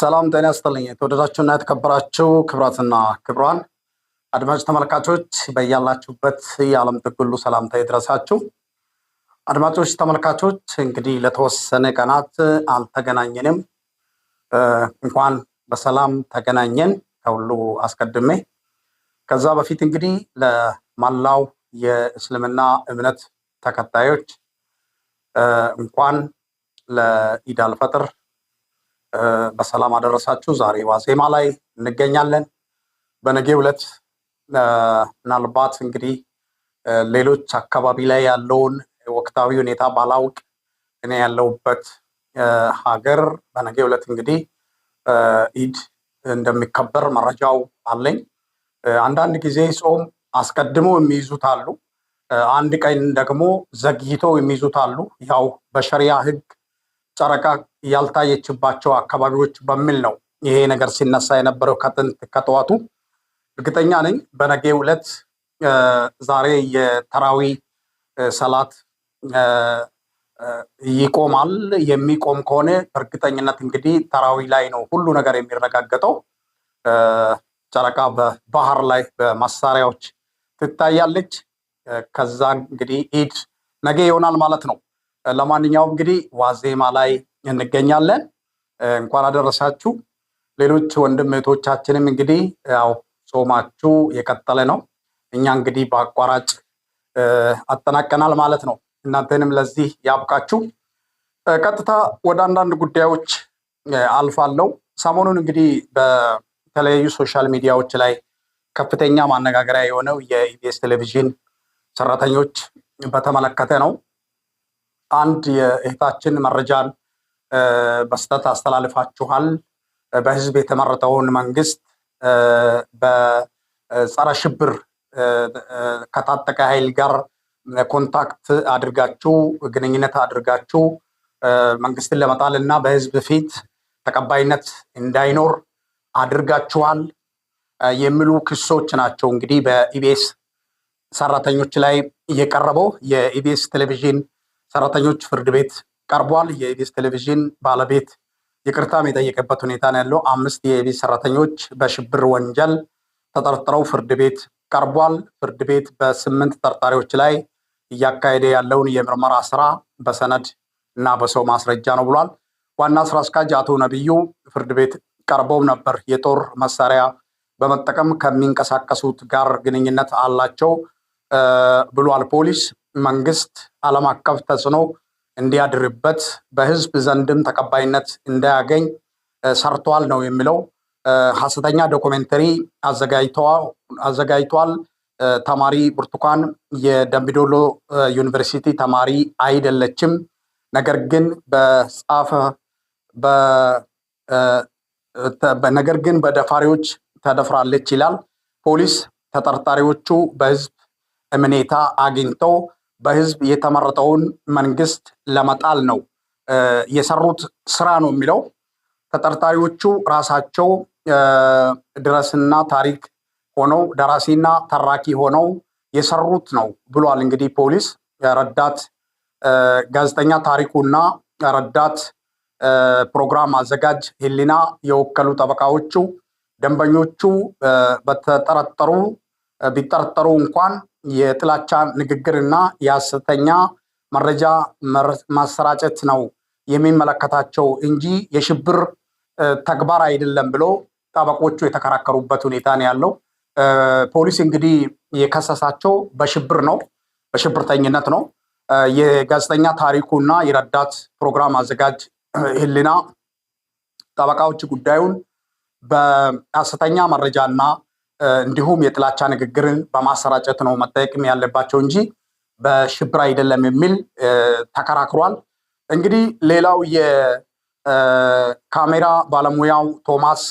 ሰላም ጤና ይስጥልኝ። የተወደዳችሁና የተከበራችሁ ክብራትና ክብሯን አድማጭ ተመልካቾች በያላችሁበት የዓለም ጥግ ሁሉ ሰላምታ ይድረሳችሁ። አድማጮች ተመልካቾች፣ እንግዲህ ለተወሰነ ቀናት አልተገናኘንም። እንኳን በሰላም ተገናኘን ከሁሉ አስቀድሜ። ከዛ በፊት እንግዲህ ለመላው የእስልምና እምነት ተከታዮች እንኳን ለኢድ አልፈጥር በሰላም አደረሳችሁ። ዛሬ ዋዜማ ላይ እንገኛለን። በነጌ ዕለት ምናልባት እንግዲህ ሌሎች አካባቢ ላይ ያለውን ወቅታዊ ሁኔታ ባላውቅ እኔ ያለሁበት ሀገር በነገው ዕለት እንግዲህ ኢድ እንደሚከበር መረጃው አለኝ። አንዳንድ ጊዜ ጾም አስቀድሞ የሚይዙት አሉ፣ አንድ ቀን ደግሞ ዘግይተው የሚይዙት አሉ። ያው በሸሪያ ህግ ጨረቃ ያልታየችባቸው አካባቢዎች በሚል ነው ይሄ ነገር ሲነሳ የነበረው ከጥንት ከጠዋቱ። እርግጠኛ ነኝ በነጌ ዕለት ዛሬ የተራዊ ሰላት ይቆማል። የሚቆም ከሆነ በእርግጠኝነት እንግዲህ ተራዊ ላይ ነው ሁሉ ነገር የሚረጋገጠው። ጨረቃ በባህር ላይ በመሳሪያዎች ትታያለች። ከዛ እንግዲህ ኢድ ነገ ይሆናል ማለት ነው። ለማንኛውም እንግዲህ ዋዜማ ላይ እንገኛለን። እንኳን አደረሳችሁ። ሌሎች ወንድም እህቶቻችንም እንግዲህ ያው ጾማችሁ የቀጠለ ነው። እኛ እንግዲህ በአቋራጭ አጠናቀናል ማለት ነው። እናንተንም ለዚህ ያብቃችሁ። ቀጥታ ወደ አንዳንድ ጉዳዮች አልፋለሁ። ሰሞኑን እንግዲህ በተለያዩ ሶሻል ሚዲያዎች ላይ ከፍተኛ ማነጋገሪያ የሆነው የኢቢኤስ ቴሌቪዥን ሰራተኞች በተመለከተ ነው። አንድ የእህታችን መረጃን በስተት አስተላልፋችኋል። በህዝብ የተመረጠውን መንግስት በጸረ ሽብር ከታጠቀ ኃይል ጋር ኮንታክት አድርጋችሁ ግንኙነት አድርጋችሁ መንግስትን ለመጣል እና በህዝብ ፊት ተቀባይነት እንዳይኖር አድርጋችኋል የሚሉ ክሶች ናቸው እንግዲህ በኢቢኤስ ሰራተኞች ላይ እየቀረበው የኢቢኤስ ቴሌቪዥን ሰራተኞች ፍርድ ቤት ቀርቧል። የኢቢስ ቴሌቪዥን ባለቤት ይቅርታም የጠየቀበት ሁኔታ ነው ያለው። አምስት የኢቢኤስ ሰራተኞች በሽብር ወንጀል ተጠርጥረው ፍርድ ቤት ቀርቧል። ፍርድ ቤት በስምንት ተጠርጣሪዎች ላይ እያካሄደ ያለውን የምርመራ ስራ በሰነድ እና በሰው ማስረጃ ነው ብሏል። ዋና ስራ አስኪያጅ አቶ ነቢዩ ፍርድ ቤት ቀርበው ነበር። የጦር መሳሪያ በመጠቀም ከሚንቀሳቀሱት ጋር ግንኙነት አላቸው ብሏል ፖሊስ። መንግስት ዓለም አቀፍ ተጽዕኖ እንዲያድርበት በህዝብ ዘንድም ተቀባይነት እንዳያገኝ ሰርቷል ነው የሚለው። ሀሰተኛ ዶኩሜንተሪ አዘጋጅቷል። ተማሪ ብርቱካን የደምቢዶሎ ዩኒቨርሲቲ ተማሪ አይደለችም። ነገር ግን በጻፈ ነገር ግን በደፋሪዎች ተደፍራለች ይላል ፖሊስ። ተጠርጣሪዎቹ በህዝብ እምኔታ አግኝተው በህዝብ የተመረጠውን መንግስት ለመጣል ነው የሰሩት ስራ ነው የሚለው ተጠርጣሪዎቹ ራሳቸው ድረስና ታሪክ ሆነው ደራሲና ተራኪ ሆነው የሰሩት ነው ብሏል። እንግዲህ ፖሊስ ረዳት ጋዜጠኛ ታሪኩና ረዳት ፕሮግራም አዘጋጅ ህሊና የወከሉ ጠበቃዎቹ ደንበኞቹ በተጠረጠሩ ቢጠረጠሩ እንኳን የጥላቻ ንግግርና የሐሰተኛ መረጃ ማሰራጨት ነው የሚመለከታቸው እንጂ የሽብር ተግባር አይደለም ብሎ ጠበቆቹ የተከራከሩበት ሁኔታ ነው ያለው። ፖሊስ እንግዲህ የከሰሳቸው በሽብር ነው፣ በሽብርተኝነት ነው። የጋዜጠኛ ታሪኩና የረዳት ፕሮግራም አዘጋጅ ህሊና ጠበቃዎች ጉዳዩን በሐሰተኛ መረጃና እንዲሁም የጥላቻ ንግግርን በማሰራጨት ነው መጠየቅም ያለባቸው እንጂ በሽብር አይደለም የሚል ተከራክሯል። እንግዲህ ሌላው የካሜራ ባለሙያው ቶማስ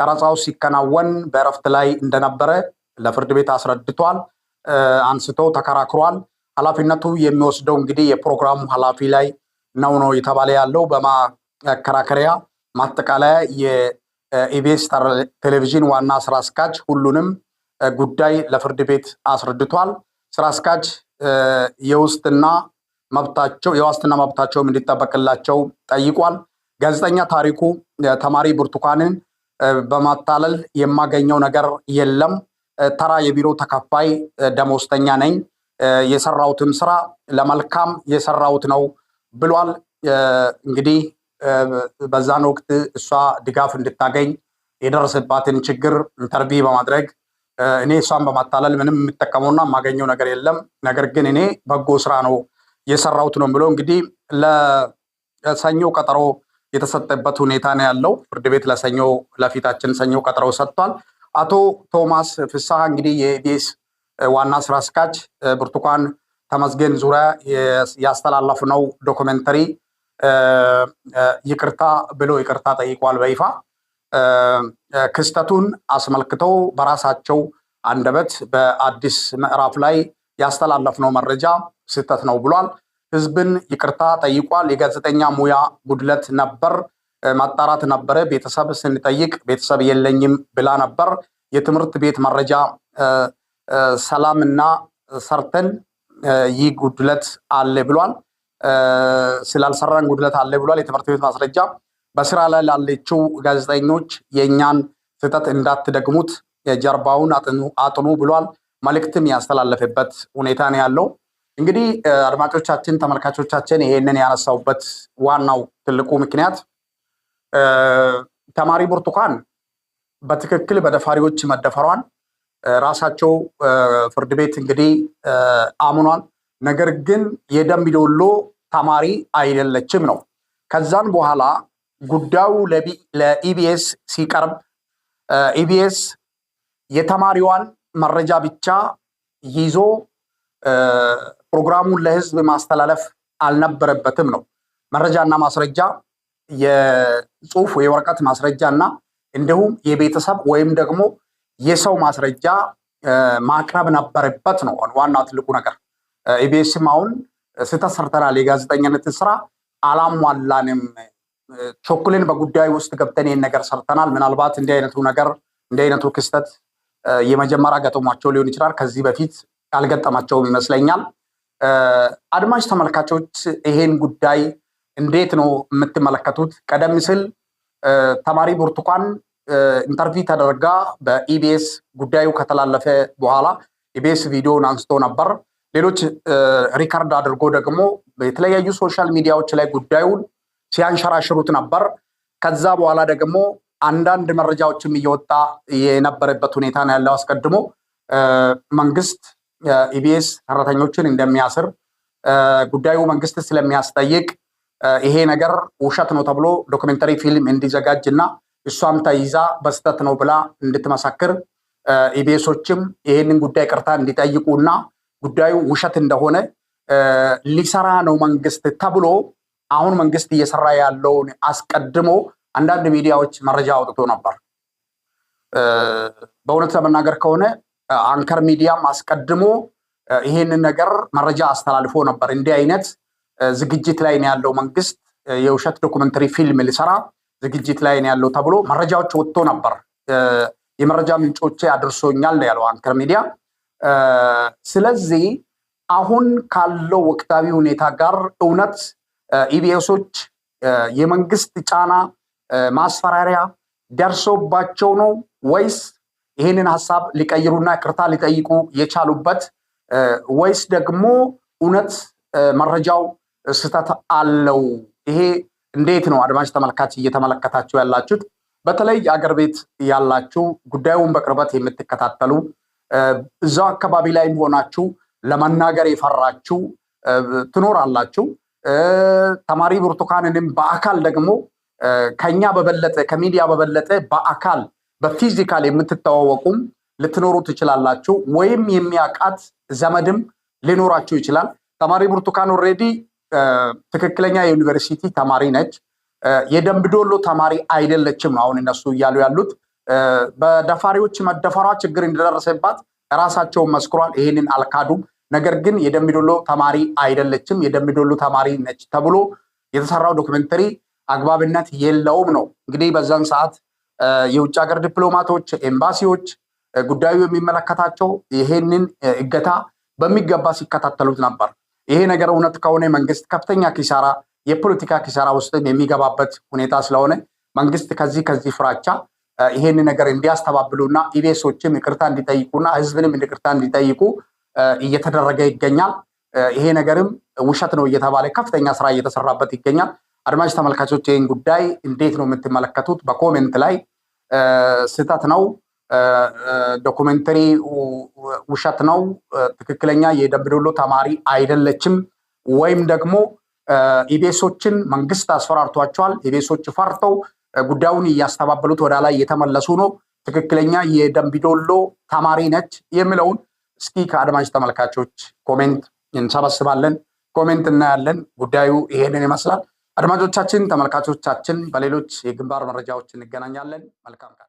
ቀረጻው ሲከናወን በእረፍት ላይ እንደነበረ ለፍርድ ቤት አስረድቷል። አንስቶ ተከራክሯል። ኃላፊነቱ የሚወስደው እንግዲህ የፕሮግራሙ ኃላፊ ላይ ነው ነው የተባለ ያለው በማከራከሪያ ማጠቃለያ ኢቢኤስ ቴሌቪዥን ዋና ስራ አስኪያጅ ሁሉንም ጉዳይ ለፍርድ ቤት አስረድቷል። ስራ አስኪያጅ የውስጥና መብታቸው የዋስትና መብታቸውም እንዲጠበቅላቸው ጠይቋል። ጋዜጠኛ ታሪኩ ተማሪ ብርቱካንን በማታለል የማገኘው ነገር የለም፣ ተራ የቢሮ ተከፋይ ደሞዝተኛ ነኝ፣ የሰራሁትም ስራ ለመልካም የሰራሁት ነው ብሏል። እንግዲህ በዛን ወቅት እሷ ድጋፍ እንድታገኝ የደረሰባትን ችግር ተርቢ በማድረግ እኔ እሷን በማታለል ምንም የምጠቀመውና የማገኘው ነገር የለም፣ ነገር ግን እኔ በጎ ስራ ነው የሰራሁት ነው ብሎ እንግዲህ ለሰኞ ቀጠሮ የተሰጠበት ሁኔታ ነው ያለው። ፍርድ ቤት ለሰኞ ለፊታችን ሰኞ ቀጠሮ ሰጥቷል። አቶ ቶማስ ፍስሐ እንግዲህ የኢቢኤስ ዋና ስራ አስኪያጅ ብርቱካን ተመስገን ዙሪያ ያስተላለፍነው ዶክመንተሪ ይቅርታ ብሎ ይቅርታ ጠይቋል። በይፋ ክስተቱን አስመልክተው በራሳቸው አንደበት በአዲስ ምዕራፍ ላይ ያስተላለፍነው መረጃ ስህተት ነው ብሏል። ህዝብን ይቅርታ ጠይቋል። የጋዜጠኛ ሙያ ጉድለት ነበር፣ ማጣራት ነበረ። ቤተሰብ ስንጠይቅ ቤተሰብ የለኝም ብላ ነበር። የትምህርት ቤት መረጃ ሰላምና ሰርተን ይህ ጉድለት አለ ብሏል። ስላልሰራን ጉድለት አለ ብሏል። የትምህርት ቤት ማስረጃ በስራ ላይ ላለችው ጋዜጠኞች የእኛን ስህተት እንዳትደግሙት የጀርባውን አጥኑ ብሏል። መልእክትም ያስተላለፈበት ሁኔታ ነው ያለው። እንግዲህ አድማጮቻችን፣ ተመልካቾቻችን ይሄንን ያነሳውበት ዋናው ትልቁ ምክንያት ተማሪ ብርቱካን በትክክል በደፋሪዎች መደፈሯን ራሳቸው ፍርድ ቤት እንግዲህ አምኗል። ነገር ግን የደምቢዶሎ ተማሪ አይደለችም ነው። ከዛን በኋላ ጉዳዩ ለኢቢኤስ ሲቀርብ ኢቢኤስ የተማሪዋን መረጃ ብቻ ይዞ ፕሮግራሙን ለህዝብ ማስተላለፍ አልነበረበትም ነው። መረጃና ማስረጃ የጽሁፍ የወረቀት ማስረጃ እና እንዲሁም የቤተሰብ ወይም ደግሞ የሰው ማስረጃ ማቅረብ ነበረበት ነው ዋና ትልቁ ነገር። ኢቢኤስም አሁን ስህተት ሰርተናል፣ የጋዜጠኝነትን ስራ አላሟላንም፣ ቾኩልን በጉዳይ ውስጥ ገብተን ይህን ነገር ሰርተናል። ምናልባት እንዲህ አይነቱ ነገር እንዲህ አይነቱ ክስተት የመጀመሪያ ገጥሟቸው ሊሆን ይችላል። ከዚህ በፊት አልገጠማቸውም ይመስለኛል። አድማጭ ተመልካቾች ይሄን ጉዳይ እንዴት ነው የምትመለከቱት? ቀደም ሲል ተማሪ ብርቱካን ኢንተርቪ ተደርጋ በኢቢኤስ ጉዳዩ ከተላለፈ በኋላ ኢቢኤስ ቪዲዮን አንስቶ ነበር። ሌሎች ሪካርድ አድርጎ ደግሞ የተለያዩ ሶሻል ሚዲያዎች ላይ ጉዳዩን ሲያንሸራሽሩት ነበር። ከዛ በኋላ ደግሞ አንዳንድ መረጃዎችም እየወጣ የነበረበት ሁኔታ ነው ያለው። አስቀድሞ መንግስት ኢቢኤስ ሰራተኞችን እንደሚያስር ጉዳዩ መንግስት ስለሚያስጠይቅ ይሄ ነገር ውሸት ነው ተብሎ ዶክሜንተሪ ፊልም እንዲዘጋጅ እና እሷም ተይዛ በስተት ነው ብላ እንድትመሰክር ኢቢኤሶችም ይሄንን ጉዳይ ቅርታ እንዲጠይቁ እና ጉዳዩ ውሸት እንደሆነ ሊሰራ ነው መንግስት ተብሎ አሁን መንግስት እየሰራ ያለውን አስቀድሞ አንዳንድ ሚዲያዎች መረጃ አውጥቶ ነበር። በእውነት ለመናገር ከሆነ አንከር ሚዲያም አስቀድሞ ይሄንን ነገር መረጃ አስተላልፎ ነበር። እንዲህ አይነት ዝግጅት ላይ ነው ያለው መንግስት የውሸት ዶኩመንተሪ ፊልም ሊሰራ ዝግጅት ላይ ነው ያለው ተብሎ መረጃዎች ወጥቶ ነበር። የመረጃ ምንጮቼ አድርሶኛል ያለው አንከር ሚዲያ ስለዚህ አሁን ካለው ወቅታዊ ሁኔታ ጋር እውነት ኢቢኤሶች የመንግስት ጫና ማስፈራሪያ ደርሶባቸው ነው ወይስ ይህንን ሀሳብ ሊቀይሩና ቅርታ ሊጠይቁ የቻሉበት ወይስ ደግሞ እውነት መረጃው ስህተት አለው? ይሄ እንዴት ነው አድማጭ ተመልካች እየተመለከታችሁ ያላችሁት? በተለይ አገር ቤት ያላችሁ ጉዳዩን በቅርበት የምትከታተሉ እዛው አካባቢ ላይም ሆናችሁ ለመናገር የፈራችሁ ትኖራላችሁ። ተማሪ ብርቱካንንም በአካል ደግሞ ከኛ በበለጠ ከሚዲያ በበለጠ በአካል በፊዚካል የምትተዋወቁም ልትኖሩ ትችላላችሁ። ወይም የሚያውቃት ዘመድም ሊኖራችሁ ይችላል። ተማሪ ብርቱካን ኦልሬዲ ትክክለኛ የዩኒቨርሲቲ ተማሪ ነች። የደምቢ ዶሎ ተማሪ አይደለችም። አሁን እነሱ እያሉ ያሉት በደፋሪዎች መደፈሯ ችግር እንደደረሰባት ራሳቸውን መስክሯል። ይህንን አልካዱም። ነገር ግን የደምቢዶሎ ተማሪ አይደለችም፣ የደምቢዶሎ ተማሪ ነች ተብሎ የተሰራው ዶክመንተሪ አግባብነት የለውም ነው እንግዲህ በዛን ሰዓት የውጭ ሀገር ዲፕሎማቶች፣ ኤምባሲዎች ጉዳዩ የሚመለከታቸው ይሄንን እገታ በሚገባ ሲከታተሉት ነበር። ይሄ ነገር እውነት ከሆነ መንግስት ከፍተኛ ኪሳራ፣ የፖለቲካ ኪሳራ ውስጥም የሚገባበት ሁኔታ ስለሆነ መንግስት ከዚህ ከዚህ ፍራቻ ይሄን ነገር እንዲያስተባብሉና ኢቤሶችም ይቅርታ እንዲጠይቁና ህዝብንም ይቅርታ እንዲጠይቁ እየተደረገ ይገኛል። ይሄ ነገርም ውሸት ነው እየተባለ ከፍተኛ ስራ እየተሰራበት ይገኛል። አድማጭ ተመልካቾች ይህን ጉዳይ እንዴት ነው የምትመለከቱት? በኮሜንት ላይ ስህተት ነው፣ ዶኩሜንተሪ ውሸት ነው፣ ትክክለኛ የደምቢዶሎ ተማሪ አይደለችም፣ ወይም ደግሞ ኢቤሶችን መንግስት አስፈራርቷቸዋል፣ ኢቤሶች ፈርተው ጉዳዩን እያስተባበሉት ወደ ላይ እየተመለሱ ነው። ትክክለኛ የደምቢዶሎ ተማሪ ነች የሚለውን እስኪ ከአድማጭ ተመልካቾች ኮሜንት እንሰበስባለን፣ ኮሜንት እናያለን። ጉዳዩ ይሄንን ይመስላል። አድማጮቻችን፣ ተመልካቾቻችን በሌሎች የግንባር መረጃዎች እንገናኛለን። መልካም